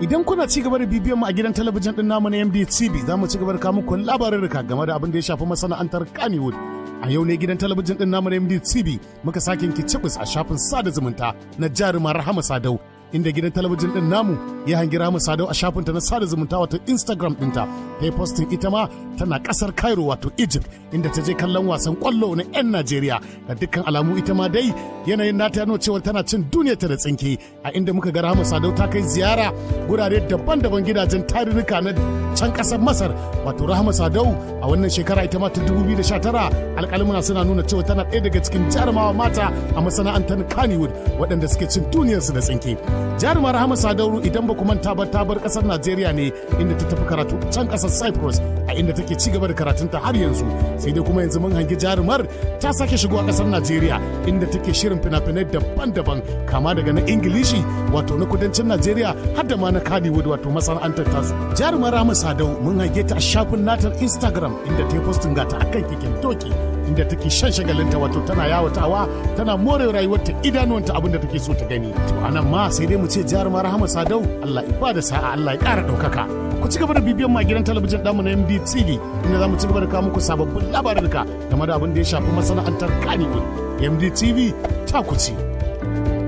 Idan kuna ci gaba da bibiyan mu a gidan talabijin din namu na MDTV za mu ci gaba da kawo muku labarurruka game da abin da ya shafi masana'antar Kannywood. A yau ne gidan talabijin din namu na MDTV muka sake ki cibis a shafin sada zumunta na jarumar Rahama Sadau inda gidan talabijin din namu ya hangira mu sadau a shafin ta na sada zumunta wato Instagram dinta. Ta yi postin ita ma tana kasar Cairo wato Egypt inda ta je kallon wasan kwallo na 'yan Najeriya da dukkan alamu ita ma dai yanayin nata ya cewa tana cin duniya ta da tsinki a inda muka ga Rahama Sadau ta kai ziyara gurare daban-daban gidajen tarurruka na can kasar Masar wato Rahama Sadau a wannan shekara ita ma ta 2019 alƙalmuna suna nuna cewa tana ɗaya daga cikin jarumawa mata a masana'antar Kannywood waɗanda suke cin duniyarsu da tsinki. jarumar rahama sadauru idan ba ku manta ba ta kasar najeriya ne inda ta tafi karatu can kasar cyprus a inda take ci gaba da karatunta har yanzu sai dai kuma yanzu mun hangi jarumar ta sake shigo a kasar najeriya inda take shirin fina-finai daban-daban kama daga na ingilishi wato na kudancin najeriya har da ma na kaliwood wato masana'antar tasu jarumar rahama sadau mun hange ta a shafin natal instagram inda ta yi postin gata akan keken toki inda take shan shagalinta wato tana yawatawa tana more rayuwarta idanuwanta abinda take so ta gani to anan ma sai dai mu ce jihar ma rahama sadau Allah ya bada sa'a Allah ya ƙara ɗaukaka ku ci gaba da bibiyan ma gidan talabijin mu na MDTV inda za mu ci gaba da kawo muku sababbin ka game da abin da ya shafi masana'antar Kannywood MDTV ta ku ci.